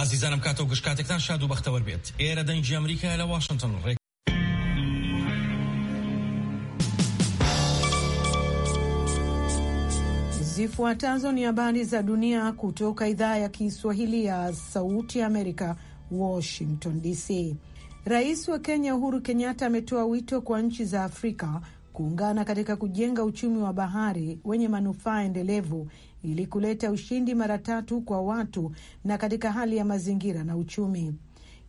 ئازیزانم کاتەوە گشت شادو شاد و بەختەوە بێت ئێرە دەنجی ئەمریکای لە واشنگتن ڕێک Zifuatazo ni habari za dunia kutoka idhaa ya Kiswahili ya Sauti Amerika, Washington DC. Rais wa Kenya Uhuru Kenyatta ametoa wito kwa nchi za Afrika kuungana katika kujenga uchumi wa bahari wenye manufaa endelevu ili kuleta ushindi mara tatu kwa watu na katika hali ya mazingira na uchumi.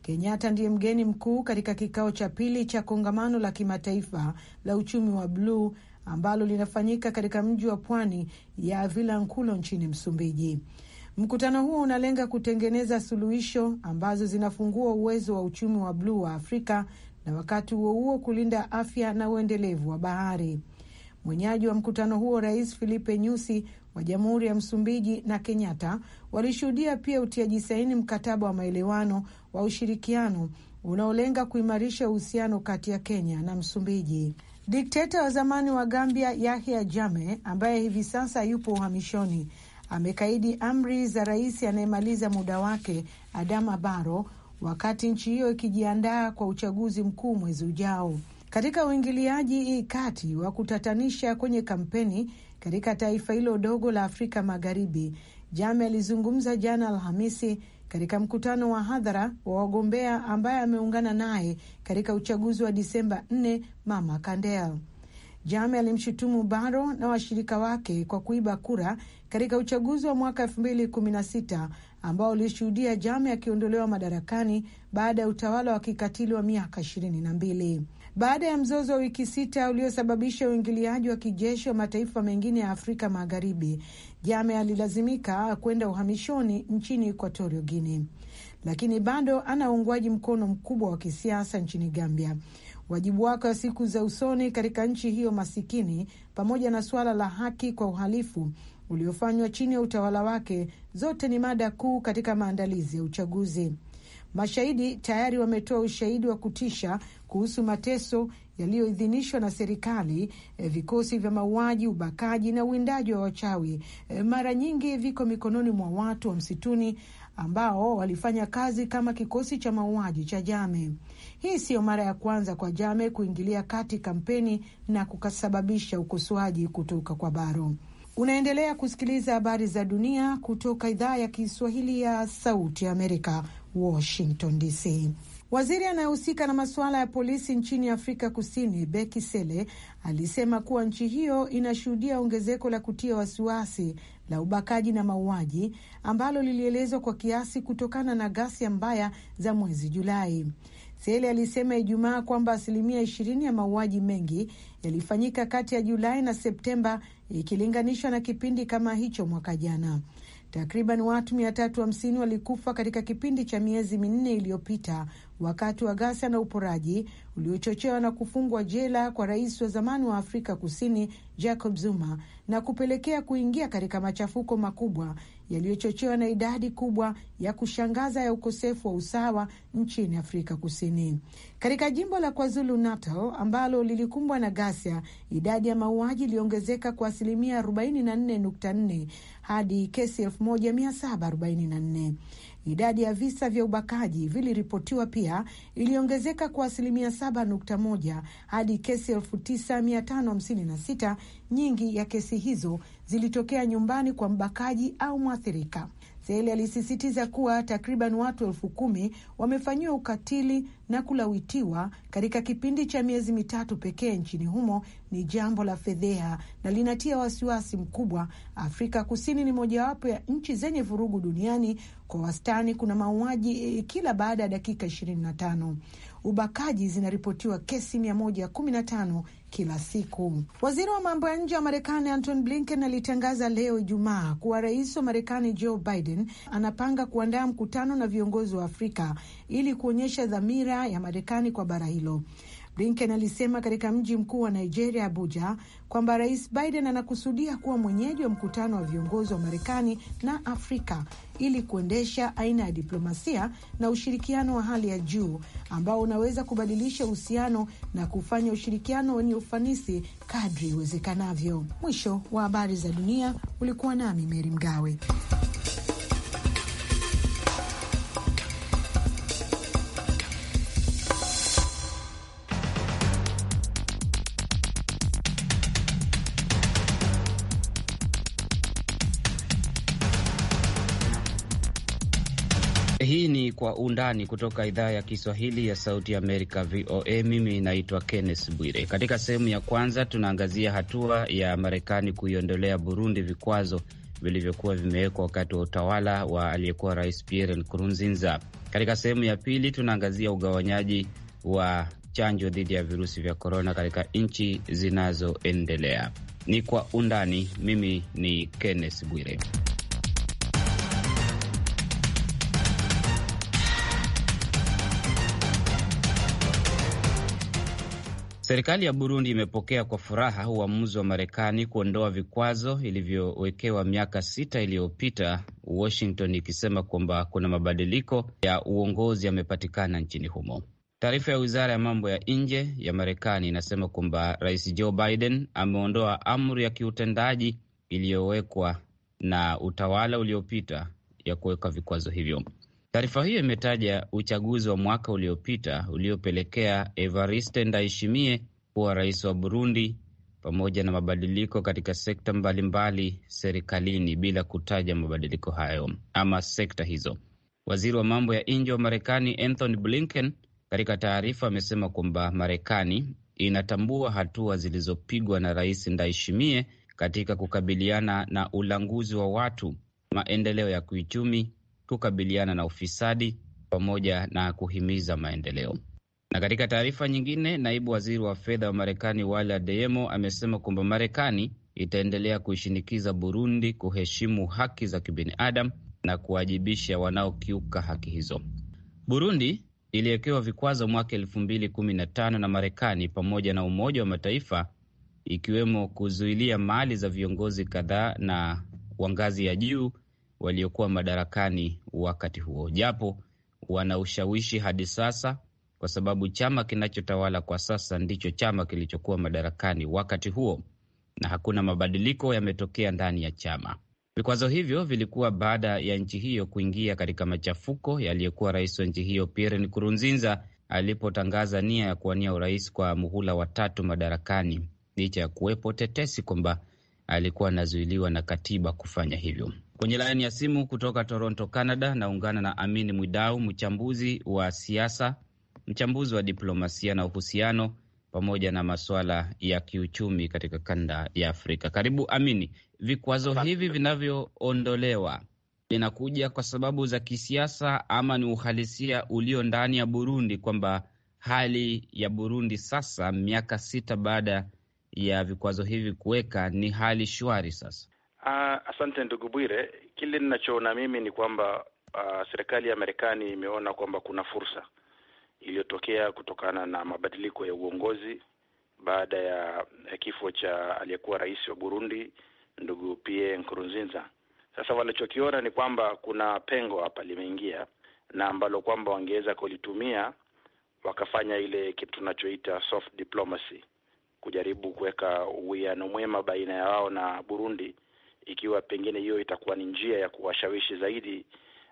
Kenyatta ndiye mgeni mkuu katika kikao cha pili cha kongamano la kimataifa la uchumi wa bluu ambalo linafanyika katika mji wa pwani ya Avila Nkulo nchini Msumbiji. Mkutano huo unalenga kutengeneza suluhisho ambazo zinafungua uwezo wa uchumi wa bluu wa Afrika na wakati huo huo kulinda afya na uendelevu wa bahari. Mwenyeji wa mkutano huo Rais Filipe Nyusi wa Jamhuri ya Msumbiji na Kenyatta walishuhudia pia utiaji saini mkataba wa maelewano wa ushirikiano unaolenga kuimarisha uhusiano kati ya Kenya na Msumbiji. Dikteta wa zamani wa Gambia Yahya jame ambaye hivi sasa yupo uhamishoni amekaidi amri za rais anayemaliza muda wake Adama Barrow wakati nchi hiyo ikijiandaa kwa uchaguzi mkuu mwezi ujao. Katika uingiliaji kati wa kutatanisha kwenye kampeni katika taifa hilo dogo la Afrika Magharibi, Jame alizungumza jana Alhamisi katika mkutano wa hadhara wa wagombea ambaye ameungana naye katika uchaguzi wa Disemba 4 Mama Kandel. Jame alimshutumu Baro na washirika wake kwa kuiba kura katika uchaguzi wa mwaka ambao ulishuhudia jame akiondolewa madarakani baada ya utawala wa kikatili wa miaka ishirini na mbili baada ya mzozo wa wiki sita uliosababisha uingiliaji wa kijeshi wa mataifa mengine ya Afrika Magharibi. jame alilazimika kwenda uhamishoni nchini Equatorio guine lakini bado ana uungwaji mkono mkubwa wa kisiasa nchini Gambia. Wajibu wake wa siku za usoni katika nchi hiyo masikini, pamoja na suala la haki kwa uhalifu uliofanywa chini ya utawala wake, zote ni mada kuu katika maandalizi ya uchaguzi. Mashahidi tayari wametoa ushahidi wa kutisha kuhusu mateso yaliyoidhinishwa na serikali, eh, vikosi vya mauaji, ubakaji na uwindaji wa wachawi, eh, mara nyingi viko mikononi mwa watu wa msituni ambao walifanya kazi kama kikosi cha mauaji cha Jame. Hii siyo mara ya kwanza kwa Jame kuingilia kati kampeni na kusababisha ukosoaji kutoka kwa Baro. Unaendelea kusikiliza habari za dunia kutoka idhaa ya Kiswahili ya Sauti Amerika, Washington DC. Waziri anayehusika na masuala ya polisi nchini Afrika Kusini, Beki Sele, alisema kuwa nchi hiyo inashuhudia ongezeko la kutia wasiwasi la ubakaji na mauaji ambalo lilielezwa kwa kiasi kutokana na ghasia mbaya za mwezi Julai. Seli alisema Ijumaa kwamba asilimia ishirini ya mauaji mengi yalifanyika kati ya Julai na Septemba ikilinganishwa na kipindi kama hicho mwaka jana. Takriban watu 350 walikufa katika kipindi cha miezi minne iliyopita wakati wa ghasia na uporaji uliochochewa na kufungwa jela kwa rais wa zamani wa Afrika Kusini Jacob Zuma na kupelekea kuingia katika machafuko makubwa yaliyochochewa na idadi kubwa ya kushangaza ya ukosefu wa usawa nchini Afrika Kusini. Katika jimbo la KwaZulu Natal ambalo lilikumbwa na ghasia, idadi ya mauaji iliongezeka kwa asilimia 44.4 hadi kesi 1744. Idadi ya visa vya ubakaji viliripotiwa pia iliongezeka kwa asilimia 7.1 hadi kesi 9556. Nyingi ya kesi hizo zilitokea nyumbani kwa mbakaji au mwathirika. Sehel alisisitiza kuwa takriban watu elfu kumi wamefanyiwa ukatili na kulawitiwa katika kipindi cha miezi mitatu pekee nchini humo ni jambo la fedheha na linatia wasiwasi mkubwa. Afrika Kusini ni mojawapo ya nchi zenye vurugu duniani. Kwa wastani kuna mauaji e, kila baada ya dakika 25. Ubakaji zinaripotiwa kesi 115 kila siku. Waziri wa mambo ya nje wa Marekani Anton Blinken alitangaza leo Ijumaa kuwa rais wa Marekani Joe Biden anapanga kuandaa mkutano na viongozi wa Afrika ili kuonyesha dhamira ya Marekani kwa bara hilo. Blinken alisema katika mji mkuu wa Nigeria, Abuja, kwamba Rais Biden anakusudia kuwa mwenyeji wa mkutano wa viongozi wa Marekani na Afrika ili kuendesha aina ya diplomasia na ushirikiano wa hali ya juu ambao unaweza kubadilisha uhusiano na kufanya ushirikiano wenye ufanisi kadri iwezekanavyo. Mwisho wa habari za dunia. Ulikuwa nami Meri Mgawe. kwa undani kutoka idhaa ya Kiswahili ya Sauti Amerika, VOA. Mimi naitwa Kenneth Bwire. Katika sehemu ya kwanza, tunaangazia hatua ya Marekani kuiondolea Burundi vikwazo vilivyokuwa vimewekwa wakati wa utawala wa aliyekuwa Rais Pierre Nkurunziza. Katika sehemu ya pili, tunaangazia ugawanyaji wa chanjo dhidi ya virusi vya korona katika nchi zinazoendelea. Ni kwa undani. Mimi ni Kenneth Bwire. Serikali ya Burundi imepokea kwa furaha uamuzi wa Marekani kuondoa vikwazo ilivyowekewa miaka sita iliyopita, Washington ikisema kwamba kuna mabadiliko ya uongozi yamepatikana nchini humo. Taarifa ya wizara ya mambo ya nje ya Marekani inasema kwamba rais Joe Biden ameondoa amri ya kiutendaji iliyowekwa na utawala uliopita ya kuweka vikwazo hivyo. Taarifa hiyo imetaja uchaguzi wa mwaka uliopita uliopelekea Evariste Ndayishimiye kuwa rais wa Burundi pamoja na mabadiliko katika sekta mbalimbali mbali serikalini bila kutaja mabadiliko hayo ama sekta hizo. Waziri wa mambo ya nje wa Marekani Anthony Blinken katika taarifa amesema kwamba Marekani inatambua hatua zilizopigwa na Rais Ndayishimiye katika kukabiliana na ulanguzi wa watu, maendeleo ya kiuchumi kukabiliana na ufisadi pamoja na kuhimiza maendeleo. Na katika taarifa nyingine, naibu waziri wa fedha wa Marekani Wale Adeyemo amesema kwamba Marekani itaendelea kuishinikiza Burundi kuheshimu haki za kibinadamu na kuwajibisha wanaokiuka haki hizo. Burundi iliwekewa vikwazo mwaka elfu mbili kumi na tano na Marekani pamoja na Umoja wa Mataifa, ikiwemo kuzuilia mali za viongozi kadhaa na wa ngazi ya juu waliokuwa madarakani wakati huo, japo wana ushawishi hadi sasa, kwa sababu chama kinachotawala kwa sasa ndicho chama kilichokuwa madarakani wakati huo, na hakuna mabadiliko yametokea ndani ya chama. Vikwazo hivyo vilikuwa baada ya nchi hiyo kuingia katika machafuko yaliyokuwa rais wa nchi hiyo Pierre Nkurunziza alipotangaza nia ya kuwania urais kwa muhula watatu madarakani, licha ya kuwepo tetesi kwamba alikuwa anazuiliwa na katiba kufanya hivyo. Kwenye laini ya simu kutoka Toronto, Canada, naungana na Amin Mwidau, mchambuzi wa siasa, mchambuzi wa diplomasia na uhusiano pamoja na masuala ya kiuchumi katika kanda ya Afrika. Karibu Amini. Vikwazo hivi vinavyoondolewa vinakuja kwa sababu za kisiasa ama ni uhalisia ulio ndani ya Burundi, kwamba hali ya Burundi sasa miaka sita baada ya vikwazo hivi kuweka ni hali shwari sasa? Uh, asante ndugu Bwire, kile ninachoona mimi ni kwamba uh, serikali ya Marekani imeona kwamba kuna fursa iliyotokea kutokana na mabadiliko ya uongozi baada ya kifo cha aliyekuwa rais wa Burundi ndugu Pierre Nkurunziza. Sasa walichokiona ni kwamba kuna pengo hapa limeingia na ambalo kwamba wangeweza kulitumia wakafanya ile kitu tunachoita soft diplomacy, kujaribu kuweka uwiano mwema baina ya wao na Burundi ikiwa pengine hiyo itakuwa ni njia ya kuwashawishi zaidi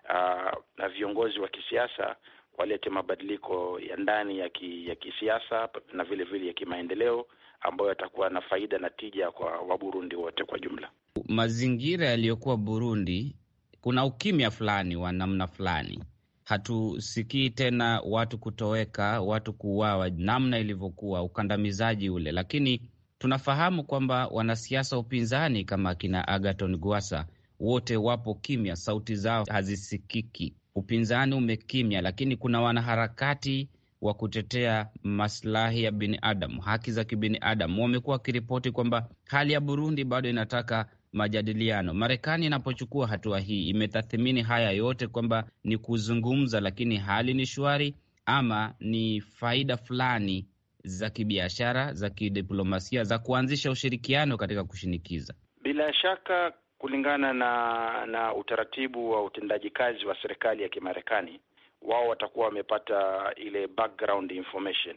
uh, na viongozi wa kisiasa walete mabadiliko ya ndani ya, ki, ya kisiasa na vile vile ya kimaendeleo ambayo yatakuwa na faida na tija kwa Waburundi wote kwa jumla. Mazingira yaliyokuwa Burundi, kuna ukimya fulani wa namna fulani, hatusikii tena watu kutoweka, watu kuuawa namna ilivyokuwa, ukandamizaji ule, lakini Tunafahamu kwamba wanasiasa wa upinzani kama akina Agaton Gwasa wote wapo kimya, sauti zao hazisikiki, upinzani umekimya, lakini kuna wanaharakati wa kutetea maslahi ya binadamu, haki za kibinadamu, wamekuwa wakiripoti kwamba hali ya Burundi bado inataka majadiliano. Marekani inapochukua hatua hii, imetathmini haya yote kwamba ni kuzungumza, lakini hali ni shwari ama ni faida fulani za kibiashara, za kidiplomasia, za kuanzisha ushirikiano katika kushinikiza. Bila shaka, kulingana na na utaratibu wa utendaji kazi wa serikali ya Kimarekani, wao watakuwa wamepata ile background information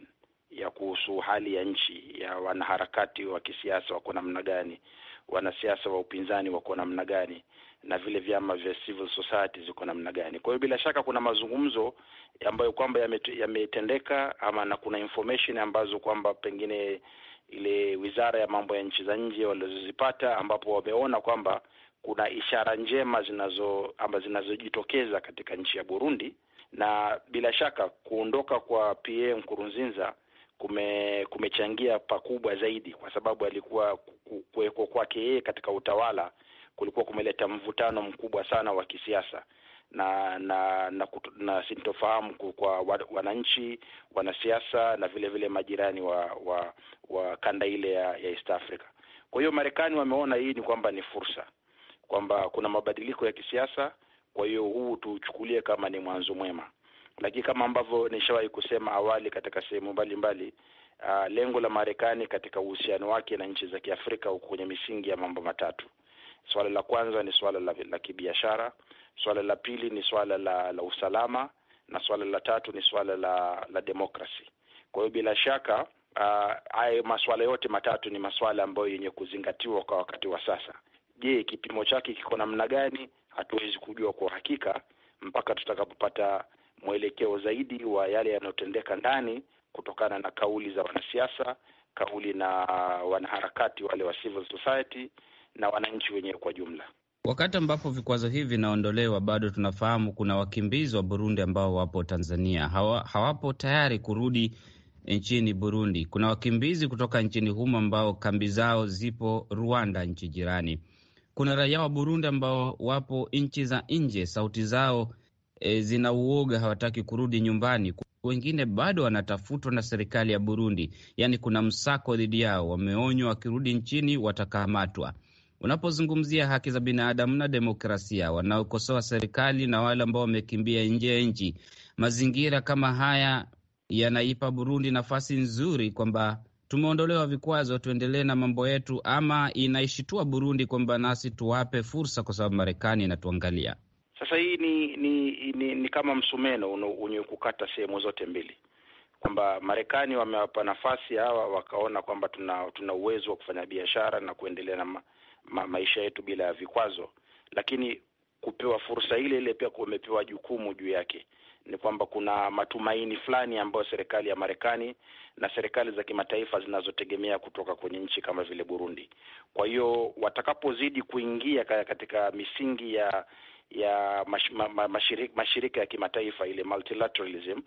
ya kuhusu hali ya nchi ya wanaharakati wa kisiasa wako namna gani, wanasiasa wa upinzani wako namna gani, na vile vyama vya civil society ziko namna gani. Kwa hiyo bila shaka kuna mazungumzo ambayo kwamba yametendeka ya ama, na kuna information ambazo kwamba pengine ile wizara ya mambo ya nchi za nje walizozipata, ambapo wameona kwamba kuna ishara njema zinazo ama zinazojitokeza katika nchi ya Burundi, na bila shaka kuondoka kwa PA Nkurunziza kume- kumechangia pakubwa zaidi, kwa sababu alikuwa kuwekwa kwake yeye katika utawala kulikuwa kumeleta mvutano mkubwa sana wa kisiasa na na na, na sintofahamu kwa wananchi, wanasiasa na vile vile majirani wa wa, wa kanda ile ya, ya East Africa. Kwa hiyo Marekani wameona hii ni kwamba ni fursa kwamba kuna mabadiliko ya kisiasa, kwa hiyo huu tuuchukulie kama ni mwanzo mwema, lakini kama ambavyo nishawahi kusema awali katika sehemu mbalimbali Uh, ah, lengo la Marekani katika uhusiano wake na nchi za Kiafrika huko kwenye misingi ya mambo matatu. Swala la kwanza ni swala la, la kibiashara, swala la pili ni swala la, la usalama na swala la tatu ni swala la, la demokrasi. Kwa hiyo bila shaka haya uh, maswala yote matatu ni maswala ambayo yenye kuzingatiwa kwa wakati wa sasa. Je, kipimo chake kiko namna gani? Hatuwezi kujua kwa uhakika mpaka tutakapopata mwelekeo zaidi wa yale yanayotendeka ndani, kutokana na kauli za wanasiasa, kauli na wanaharakati wale wa civil society na wananchi wenyewe kwa jumla. Wakati ambapo vikwazo hivi vinaondolewa, bado tunafahamu kuna wakimbizi wa Burundi ambao wapo Tanzania hawa, hawapo tayari kurudi nchini Burundi. Kuna wakimbizi kutoka nchini humo ambao kambi zao zipo Rwanda, nchi jirani. Kuna raia wa Burundi ambao wapo nchi za nje, sauti zao e, zina uoga, hawataki kurudi nyumbani. Wengine bado wanatafutwa na serikali ya Burundi, yaani kuna msako dhidi yao, wameonywa wakirudi nchini watakamatwa. Unapozungumzia haki za binadamu na demokrasia, wanaokosoa serikali na wale ambao wamekimbia nje ya nchi, mazingira kama haya yanaipa Burundi nafasi nzuri kwamba tumeondolewa vikwazo, tuendelee na mambo yetu, ama inaishitua Burundi kwamba nasi tuwape fursa, kwa sababu Marekani inatuangalia. Sasa hii ni ni, ni, ni kama msumeno wenye kukata sehemu zote mbili, kwamba Marekani wamewapa nafasi hawa, wakaona kwamba tuna tuna uwezo wa kufanya biashara na kuendelea na ma maisha yetu bila ya vikwazo, lakini kupewa fursa ile ile pia kumepewa jukumu juu yake. Ni kwamba kuna matumaini fulani ambayo serikali ya Marekani na serikali za kimataifa zinazotegemea kutoka kwenye nchi kama vile Burundi. Kwa hiyo watakapozidi kuingia katika misingi ya ya mash, ma, ma, mashirika, mashirika ya kimataifa ile multilateralism,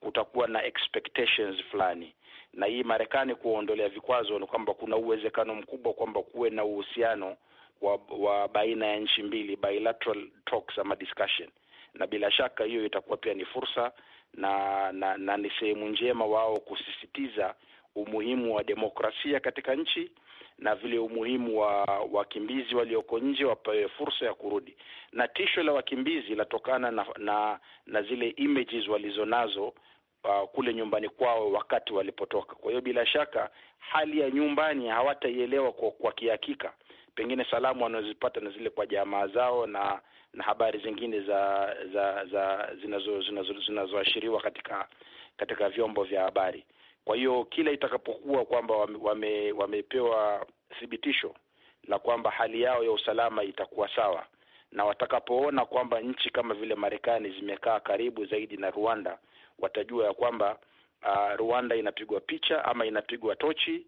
kutakuwa na expectations fulani na hii Marekani kuwaondolea vikwazo, ni kwamba kuna uwezekano mkubwa kwamba kuwe na uhusiano wa, wa baina ya nchi mbili, bilateral talks ama discussion, na bila shaka hiyo itakuwa pia ni fursa na na, na ni sehemu njema wao kusisitiza umuhimu wa demokrasia katika nchi na vile umuhimu wa wakimbizi walioko nje wapewe fursa ya kurudi. Na tisho la wakimbizi latokana na, na na zile images walizonazo uh, kule nyumbani kwao wakati walipotoka. Kwa hiyo bila shaka hali ya nyumbani hawataielewa kwa, kwa kihakika. Pengine salamu wanazozipata na zile kwa jamaa zao na na habari zingine za za za zinazoashiriwa zinazo, zinazo katika katika vyombo vya habari. Kwa hiyo kila itakapokuwa kwamba wame, wame, wamepewa thibitisho la kwamba hali yao ya usalama itakuwa sawa na watakapoona kwamba nchi kama vile Marekani zimekaa karibu zaidi na Rwanda watajua ya kwamba uh, Rwanda inapigwa picha ama inapigwa tochi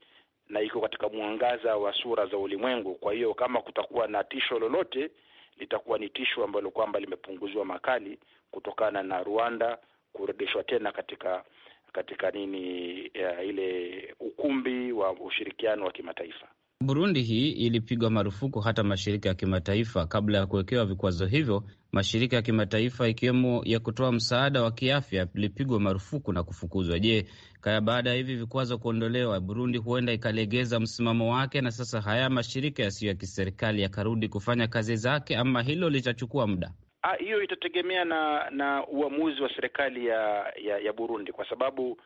na iko katika mwangaza wa sura za ulimwengu. Kwa hiyo kama kutakuwa na tisho lolote, litakuwa ni tisho ambalo kwamba limepunguziwa makali kutokana na Rwanda kurudishwa tena katika katika nini ya ile ukumbi wa ushirikiano wa kimataifa. Burundi hii ilipigwa marufuku hata mashirika ya kimataifa kabla ya kuwekewa vikwazo hivyo, mashirika ya kimataifa ikiwemo ya kutoa msaada wa kiafya lipigwa marufuku na kufukuzwa. Je, kaya baada ya hivi vikwazo kuondolewa, Burundi huenda ikalegeza msimamo wake na sasa haya mashirika yasiyo ya kiserikali yakarudi kufanya kazi zake, ama hilo litachukua muda? Ah, hiyo itategemea na na uamuzi wa serikali ya, ya, ya Burundi kwa sababu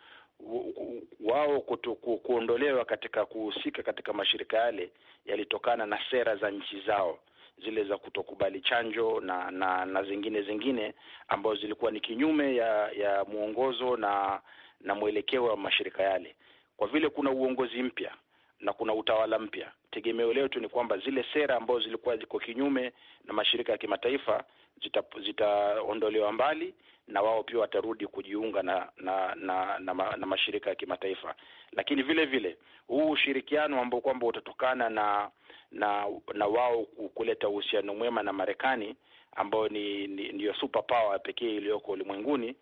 wao kutu, ku, kuondolewa katika kuhusika katika mashirika yale yalitokana na sera za nchi zao zile za kutokubali chanjo na, na na zingine zingine ambazo zilikuwa ni kinyume ya ya mwongozo na na mwelekeo wa mashirika yale. Kwa vile kuna uongozi mpya na kuna utawala mpya, tegemeo letu ni kwamba zile sera ambazo zilikuwa ziko kinyume na mashirika ya kimataifa zitaondolewa zita mbali na wao pia watarudi kujiunga na na na, na, na, na mashirika ya kimataifa, lakini vile vile huu ushirikiano ambao kwamba utatokana na na na wao kuleta uhusiano mwema na Marekani ambayo ni ndiyo ni super power pekee iliyoko ulimwenguni,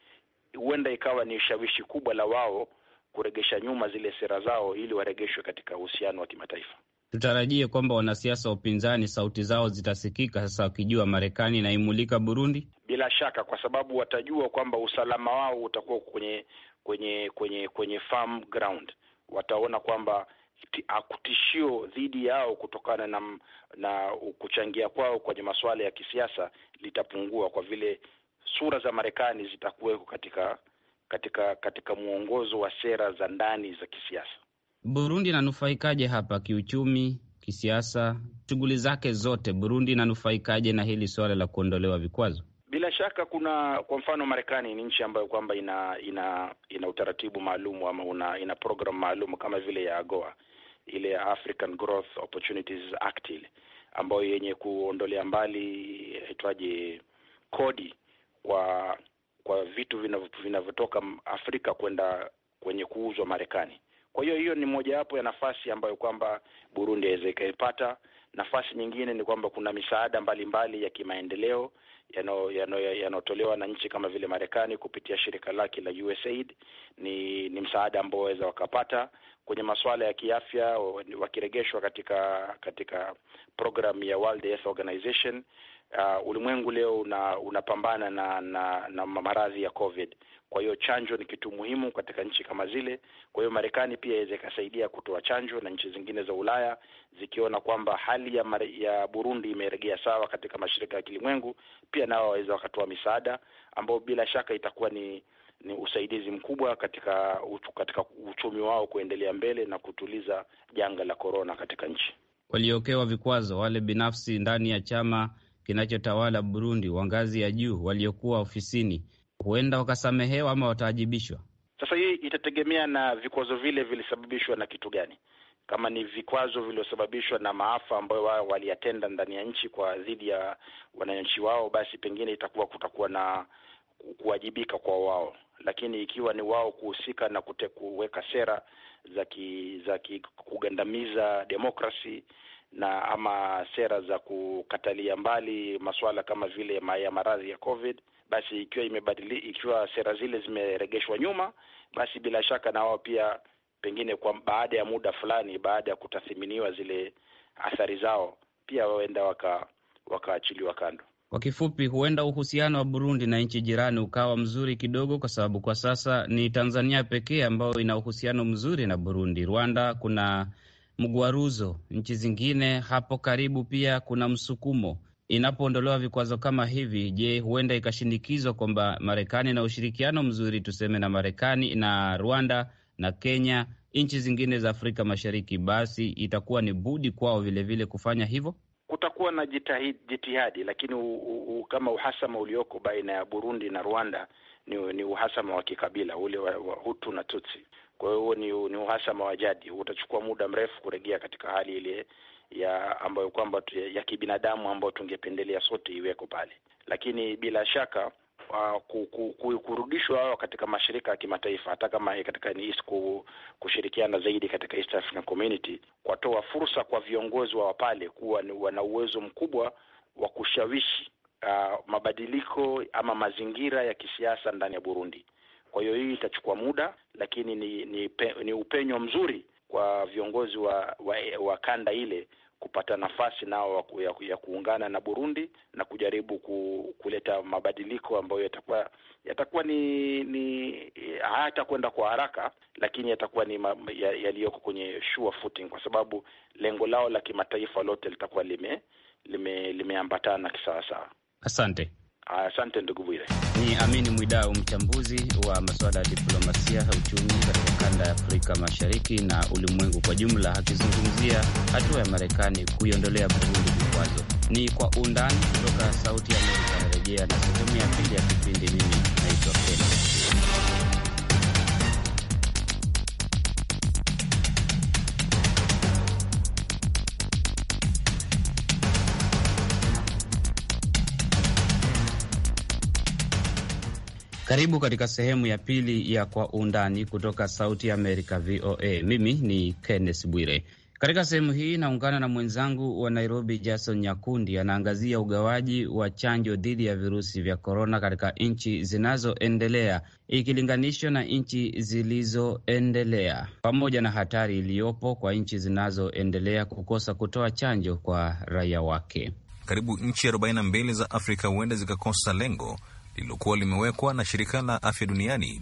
huenda ikawa ni shawishi kubwa la wao kuregesha nyuma zile sera zao ili waregeshwe katika uhusiano wa kimataifa tutarajie kwamba wanasiasa wa upinzani sauti zao zitasikika sasa, wakijua Marekani inaimulika Burundi bila shaka, kwa sababu watajua kwamba usalama wao utakuwa kwenye kwenye kwenye kwenye ground. Wataona kwamba akutishio dhidi yao kutokana na, na kuchangia kwao kwenye masuala ya kisiasa litapungua kwa vile sura za Marekani zitakuweko katika katika katika mwongozo wa sera za ndani za kisiasa. Burundi inanufaikaje hapa kiuchumi, kisiasa, shughuli zake zote? Burundi inanufaikaje na hili suala la kuondolewa vikwazo? Bila shaka kuna kwa mfano, Marekani ni nchi ambayo kwamba ina ina ina utaratibu maalum ama una, ina program maalum kama vile ya AGOA ile African Growth Opportunities Act ile ambayo yenye kuondolea mbali itwaje kodi kwa kwa vitu vinavyotoka Afrika kwenda kwenye kuuzwa Marekani. Kwa hiyo hiyo ni mojawapo ya nafasi ambayo kwamba Burundi aweza ikaipata. Nafasi nyingine ni kwamba kuna misaada mbalimbali mbali ya kimaendeleo yanayotolewa na nchi kama vile Marekani kupitia shirika lake la USAID. Ni ni msaada ambao waweza wakapata kwenye masuala ya kiafya, wakiregeshwa katika katika programu ya World Health Organization uh, ulimwengu leo una, unapambana na na, na maradhi ya COVID. Kwa hiyo chanjo ni kitu muhimu katika nchi kama zile. Kwa hiyo Marekani pia iweze ikasaidia kutoa chanjo na nchi zingine za Ulaya zikiona kwamba hali ya, ya Burundi imeregea sawa katika mashirika ya kilimwengu, pia nao waweza wakatoa misaada ambayo bila shaka itakuwa ni ni usaidizi mkubwa katika uchu, katika uchumi wao kuendelea mbele na kutuliza janga la korona katika nchi. waliokewa vikwazo wale binafsi ndani ya chama kinachotawala Burundi wa ngazi ya juu waliokuwa ofisini huenda wakasamehewa ama wataajibishwa. Sasa hii itategemea na vikwazo vile vilisababishwa na kitu gani. Kama ni vikwazo vilivyosababishwa na maafa ambayo wao waliyatenda ndani ya nchi kwa dhidi ya wananchi wao, basi pengine itakuwa kutakuwa na kuwajibika kwa wao, lakini ikiwa ni wao kuhusika na kuweka sera za ki, za kugandamiza demokrasi na ama sera za kukatalia mbali masuala kama vile ya maradhi ya COVID, basi ikiwa imebadili, ikiwa sera zile zimeregeshwa nyuma, basi bila shaka na wao pia pengine kwa baada ya muda fulani, baada ya kutathiminiwa zile athari zao, pia waenda waka wakaachiliwa kando. Kwa kifupi, huenda uhusiano wa Burundi na nchi jirani ukawa mzuri kidogo, kwa sababu kwa sasa ni Tanzania pekee ambayo ina uhusiano mzuri na Burundi. Rwanda kuna mgwaruzo. Nchi zingine hapo karibu pia kuna msukumo. Inapoondolewa vikwazo kama hivi, je, huenda ikashinikizwa kwamba Marekani na ushirikiano mzuri tuseme na Marekani na Rwanda na Kenya, nchi zingine za Afrika Mashariki, basi itakuwa ni budi kwao vilevile kufanya hivyo. Kutakuwa na jitihadi, lakini u, u, u, kama uhasama ulioko baina ya Burundi na Rwanda ni, ni uhasama wa kikabila ule wa, wa Hutu na Tutsi. Kwa hiyo huo ni, ni uhasama wa jadi, utachukua muda mrefu kuregea katika hali ile ya ambayo kwamba ya kibinadamu ambayo tungependelea sote iweko pale, lakini bila shaka Uh, kurudishwa hao katika mashirika ya kimataifa hata kama katika ku, kushirikiana zaidi katika East African Community kwatoa fursa kwa viongozi wa pale kuwa ni wana uwezo mkubwa wa kushawishi uh, mabadiliko ama mazingira ya kisiasa ndani ya Burundi. Kwa hiyo hii itachukua muda, lakini ni ni, pe, ni upenyo mzuri kwa viongozi wa, wa, wa kanda ile kupata nafasi nao ya, ya kuungana na Burundi na kujaribu ku, kuleta mabadiliko ambayo yatakuwa yatakuwa ni ni hayatakwenda kwa haraka, lakini yatakuwa ni yaliyoko ya kwenye sure footing, kwa sababu lengo lao la kimataifa lote litakuwa lime limeambatana lime kisawasawa. Asante. Ah, asante ndugu Bwire. Ni Amini Mwidau, mchambuzi wa masuala ya diplomasia, uchumi katika kanda ya Afrika Mashariki na ulimwengu kwa jumla, akizungumzia hatua ya Marekani kuiondolea Burundi vikwazo. Ni kwa undani kutoka Sauti ya Amerika. Anarejea na sehemu ya pili ya kipindi. Mimi naitwa Karibu katika sehemu ya pili ya Kwa Undani kutoka Sauti Amerika, VOA. Mimi ni Kenneth Bwire. Katika sehemu hii naungana na mwenzangu wa Nairobi, Jason Nyakundi, anaangazia ugawaji wa chanjo dhidi ya virusi vya korona katika nchi zinazoendelea ikilinganishwa na nchi zilizoendelea, pamoja na hatari iliyopo kwa nchi zinazoendelea kukosa kutoa chanjo kwa raia wake. Karibu nchi 42 za Afrika huenda zikakosa lengo lililokuwa limewekwa na shirika la afya duniani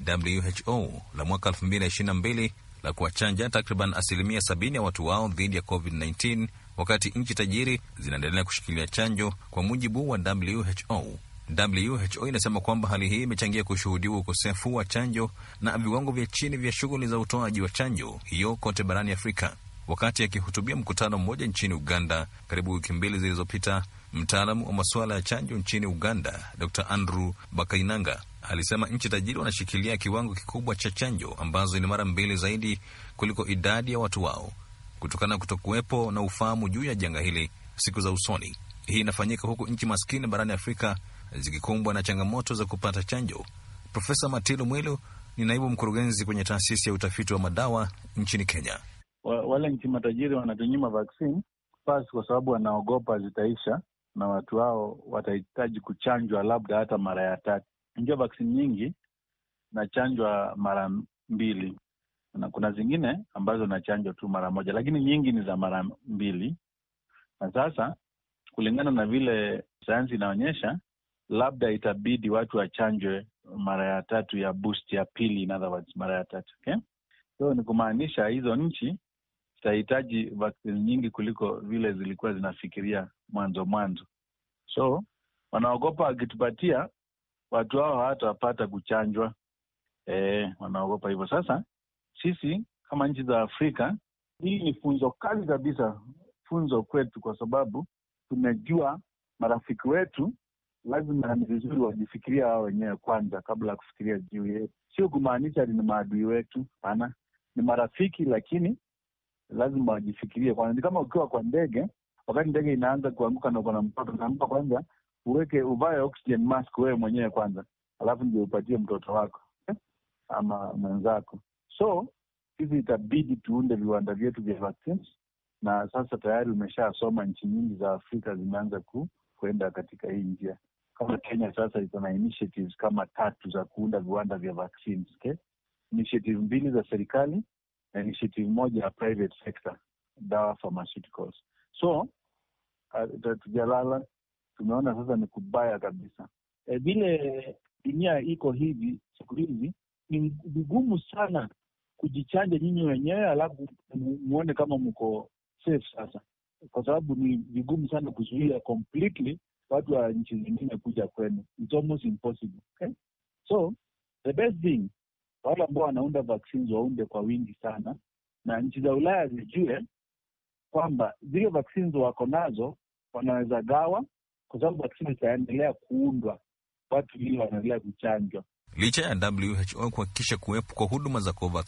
WHO la mwaka 2022 la kuwachanja takriban asilimia sabini ya watu wao dhidi ya COVID-19 wakati nchi tajiri zinaendelea kushikilia chanjo, kwa mujibu wa WHO. WHO inasema kwamba hali hii imechangia kushuhudiwa ukosefu wa chanjo na viwango vya chini vya shughuli za utoaji wa chanjo hiyo kote barani Afrika. Wakati akihutubia mkutano mmoja nchini Uganda karibu wiki mbili zilizopita, Mtaalamu wa masuala ya chanjo nchini Uganda, Dr Andrew Bakainanga alisema nchi tajiri wanashikilia kiwango kikubwa cha chanjo ambazo ni mara mbili zaidi kuliko idadi ya watu wao, kutokana na kutokuwepo na ufahamu juu ya janga hili siku za usoni. Hii inafanyika huku nchi maskini barani Afrika zikikumbwa na changamoto za kupata chanjo. Profesa Matilu Mwilu ni naibu mkurugenzi kwenye taasisi ya utafiti wa madawa nchini Kenya. Wale nchi matajiri wanatunyima vaksini kwa sababu wanaogopa zitaisha, na watu hao watahitaji kuchanjwa labda hata mara ya tatu. ndio vaksini nyingi nachanjwa mara mbili na kuna zingine ambazo nachanjwa tu mara moja, lakini nyingi ni za mara mbili. Na sasa kulingana na vile sayansi inaonyesha, labda itabidi watu wachanjwe mara ya tatu ya boost ya pili, in other words, mara ya tatu okay? So ni kumaanisha hizo nchi zitahitaji vaksini nyingi kuliko vile zilikuwa zinafikiria mwanzo mwanzo. So wanaogopa wakitupatia watu hao hawatapata kuchanjwa e, wanaogopa hivyo. Sasa sisi kama nchi za Afrika, hii ni funzo kali kabisa, funzo kwetu, kwa sababu tumejua marafiki wetu lazima ni vizuri wajifikiria wao wenyewe kwanza kabla ya kufikiria juu yetu. Sio kumaanisha ni maadui wetu, hapana, ni marafiki, lakini lazima wajifikirie kwanza. Ni kama ukiwa kwa ndege, wakati ndege inaanza kuanguka na uko na mtoto, nampa kwanza, uweke uvae oxygen mask wewe mwenyewe kwanza, alafu ndio upatie mtoto wako eh, ama mwenzako. So sisi itabidi tuunde viwanda vyetu vya vaccines, na sasa tayari umeshasoma nchi nyingi za Afrika zimeanza ku, kuenda katika hii njia kama Kenya sasa iko na initiatives kama tatu za kuunda viwanda vya vaccines okay? Initiative mbili za serikali na initiative moja ya private sector, dawa pharmaceuticals so uh, tatijalala tumeona sasa ni kubaya kabisa eh, vile e, dunia iko hivi siku hizi ni vigumu sana kujichanja nyinyi wenyewe alafu muone kama mko safe sasa kwa sababu ni vigumu sana kuzuia completely watu wa nchi zingine kuja kwenu it's almost impossible okay? so the best thing wale ambao wanaunda vaccines waunde kwa wingi sana na nchi za ulaya zijue kwamba zile vaccines wako nazo wanaweza gawa, kwa sababu vaccine zitaendelea kuundwa, watu vile wanaendelea kuchanjwa, licha ya WHO kuhakikisha kuwepo kwa huduma za COVAX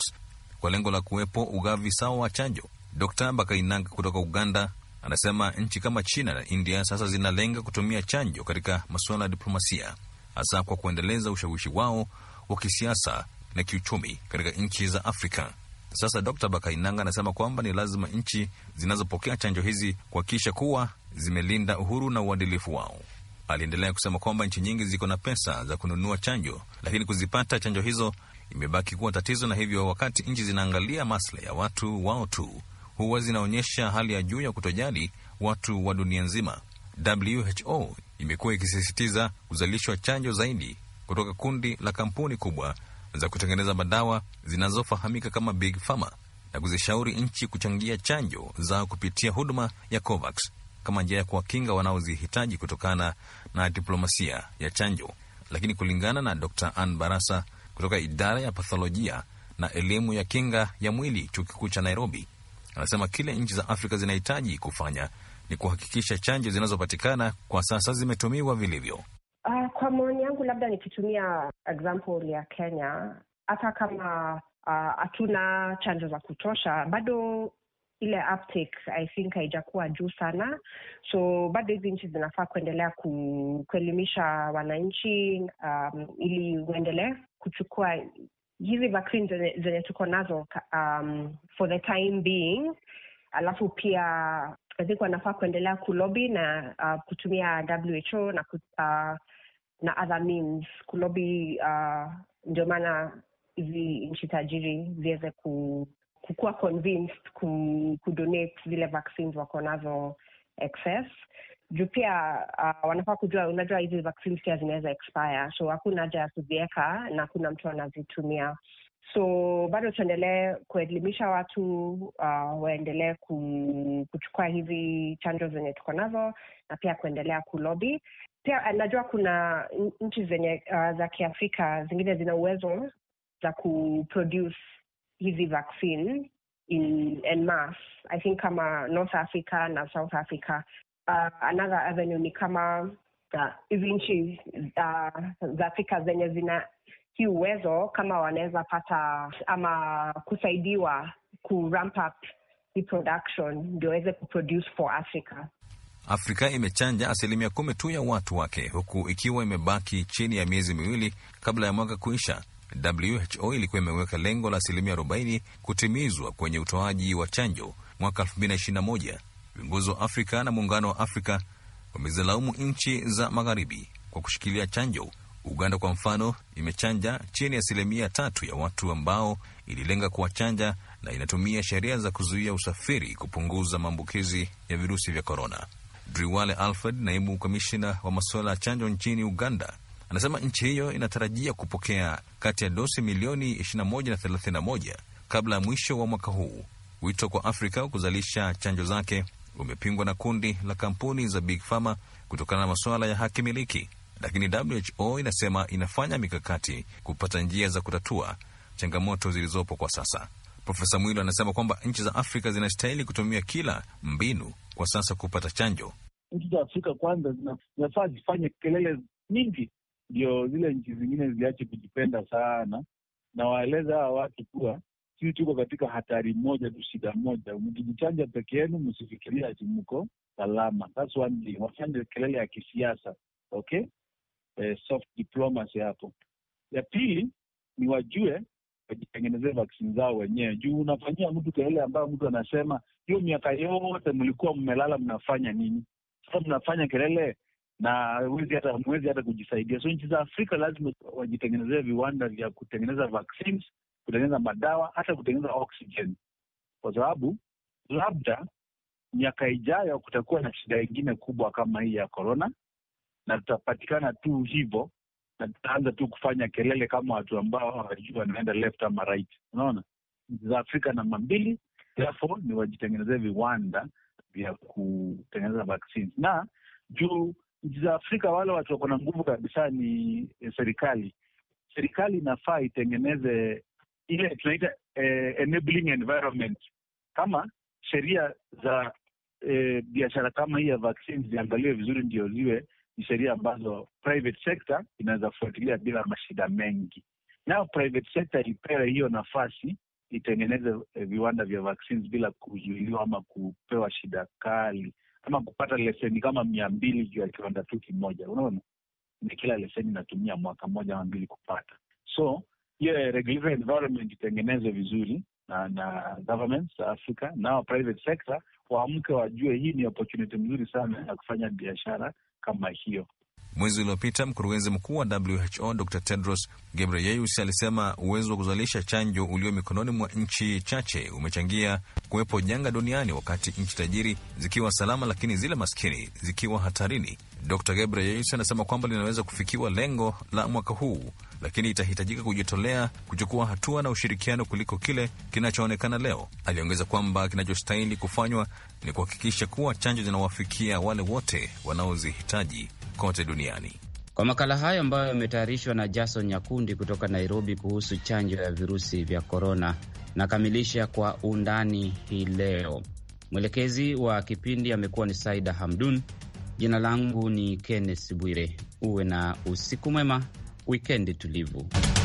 kwa lengo la kuwepo ugavi sawa wa chanjo. Dr Bakainanga kutoka Uganda anasema nchi kama China na India sasa zinalenga kutumia chanjo katika masuala ya diplomasia, hasa kwa kuendeleza ushawishi wao wa kisiasa na kiuchumi katika nchi za Afrika. Sasa d Bakainanga anasema kwamba ni lazima nchi zinazopokea chanjo hizi kuhakikisha kuwa zimelinda uhuru na uadilifu wao. Aliendelea kusema kwamba nchi nyingi ziko na pesa za kununua chanjo, lakini kuzipata chanjo hizo imebaki kuwa tatizo, na hivyo wakati nchi zinaangalia maslahi ya watu wao tu, huwa zinaonyesha hali ya juu ya kutojali watu wa dunia nzima. WHO imekuwa ikisisitiza kuzalishwa chanjo zaidi kutoka kundi la kampuni kubwa za kutengeneza madawa zinazofahamika kama Big Pharma na kuzishauri nchi kuchangia chanjo za kupitia huduma ya COVAX kama njia ya kuwakinga wanaozihitaji kutokana na diplomasia ya chanjo. Lakini kulingana na Dr. Ann Barasa kutoka idara ya patholojia na elimu ya kinga ya mwili chuo kikuu cha Nairobi, anasema kile nchi za Afrika zinahitaji kufanya ni kuhakikisha chanjo zinazopatikana kwa sasa zimetumiwa vilivyo labda nikitumia example ya Kenya, hata kama ah, hatuna uh, chanjo za kutosha bado ile uptake I think haijakuwa juu sana, so bado hizi nchi zinafaa kuendelea ku, kuelimisha wananchi um, ili uendelee kuchukua hizi vaccine zenye, zenye tuko nazo um, for the time being, alafu pia I think wanafaa kuendelea kulobi na uh, kutumia WHO na uh, na other means kulobi uh, ndio maana hizi nchi tajiri ziweze ku, kukuwa convinced ku, kudonate zile vaccines wako nazo excess juu pia uh, wanafaa kujua unajua hizi vaccines pia zinaweza expire so hakuna haja ya kuziweka na kuna mtu anazitumia so bado tuendelee kuelimisha watu uh, waendelee kuchukua hizi chanjo zenye tuko nazo na pia kuendelea kulobi pia eh, najua kuna nchi zenye uh, za Kiafrika zingine zina uwezo za kuproduce hizi vaccine in, mass. I think kama North Africa na South Africa. Uh, another avenue ni kama hizi uh, nchi uh, za Afrika zenye zina hii uwezo kama wanaweza pata ama kusaidiwa ku ramp up hii production ndio waweze kuproduce for Africa. Afrika imechanja asilimia kumi tu ya watu wake huku ikiwa imebaki chini ya miezi miwili kabla ya mwaka kuisha. WHO ilikuwa imeweka lengo la asilimia 40 kutimizwa kwenye utoaji wa chanjo mwaka 2021. Viongozi wa Afrika na Muungano wa Afrika wamezilaumu nchi za magharibi kwa kushikilia chanjo. Uganda kwa mfano imechanja chini ya asilimia tatu ya watu ambao ililenga kuwachanja na inatumia sheria za kuzuia usafiri kupunguza maambukizi ya virusi vya korona. Driwale Alfred, naibu kamishina wa masuala ya chanjo nchini Uganda, anasema nchi hiyo inatarajia kupokea kati ya dosi milioni 21 na 31 kabla ya mwisho wa mwaka huu. Wito kwa Afrika kuzalisha chanjo zake umepingwa na kundi la kampuni za Big Pharma kutokana na masuala ya haki miliki, lakini WHO inasema inafanya mikakati kupata njia za kutatua changamoto zilizopo kwa sasa. Profesa Mwilo anasema kwamba nchi za Afrika zinastahili kutumia kila mbinu kwa sasa kupata chanjo. Nchi za Afrika kwanza zinafaa zifanye kelele nyingi, ndio zile nchi zingine ziache kujipenda sana, na waeleza hawa watu kuwa sisi tuko katika hatari moja tu, shida moja. Mkijichanja peke yenu, msifikiria ati mko salama. That's one thing. Wafanye kelele ya kisiasa, okay, eh, soft diplomacy hapo. Ya pili ni wajue wajitengenezee vaksini zao wenyewe, juu unafanyia mtu kelele ambayo mtu anasema hiyo miaka yote mlikuwa mmelala, mnafanya nini? Sasa mnafanya kelele na wezi hata mwezi hata kujisaidia. So nchi za Afrika lazima wajitengenezee viwanda vya kutengeneza vaccines, kutengeneza madawa, hata kutengeneza oxygen, kwa sababu labda miaka ijayo kutakuwa na shida ingine kubwa kama hii ya corona, na tutapatikana tu hivyo ataanza tu kufanya kelele kama watu ambao wanajua wanaenda left ama right. Unaona, nchi za Afrika namba mbili, therefore ni wajitengenezee viwanda vya kutengeneza vaccines. Na juu nchi za Afrika wale watu wako na nguvu kabisa ni eh, serikali. Serikali inafaa itengeneze ile tunaita eh, enabling environment kama sheria za eh, biashara kama hii ya vaccines ziangaliwe vizuri ndio ziwe ni sheria ambazo private sector inaweza kufuatilia bila mashida mengi. Nayo private sector ipewe hiyo nafasi, itengeneze eh, viwanda vya vaccines bila kuzuiliwa ama kupewa shida kali ama kupata leseni kama mia mbili juu ya kiwanda tu kimoja. Unaona, ni kila leseni inatumia mwaka mmoja ama mbili kupata. So hiyo regulatory environment itengenezwe vizuri na na governments za Afrika nao private sector waamke, wajue hii ni opportunity mzuri sana ya kufanya biashara kama hiyo. Mwezi uliopita mkurugenzi mkuu wa WHO Dr Tedros Gebreyesus alisema uwezo wa kuzalisha chanjo ulio mikononi mwa nchi chache umechangia kuwepo janga duniani, wakati nchi tajiri zikiwa salama, lakini zile maskini zikiwa hatarini. Dr Gebreyesus anasema kwamba linaweza kufikiwa lengo la mwaka huu, lakini itahitajika kujitolea, kuchukua hatua na ushirikiano kuliko kile kinachoonekana leo. Aliongeza kwamba kinachostahili kufanywa ni kuhakikisha kuwa chanjo zinawafikia wale wote wanaozihitaji kote duniani. Kwa makala hayo ambayo yametayarishwa na Jason Nyakundi kutoka Nairobi kuhusu chanjo ya virusi vya korona, nakamilisha kwa undani hii leo. Mwelekezi wa kipindi amekuwa ni Saida Hamdun. Jina langu ni Kenneth Bwire. Uwe na usiku mwema, wikendi tulivu.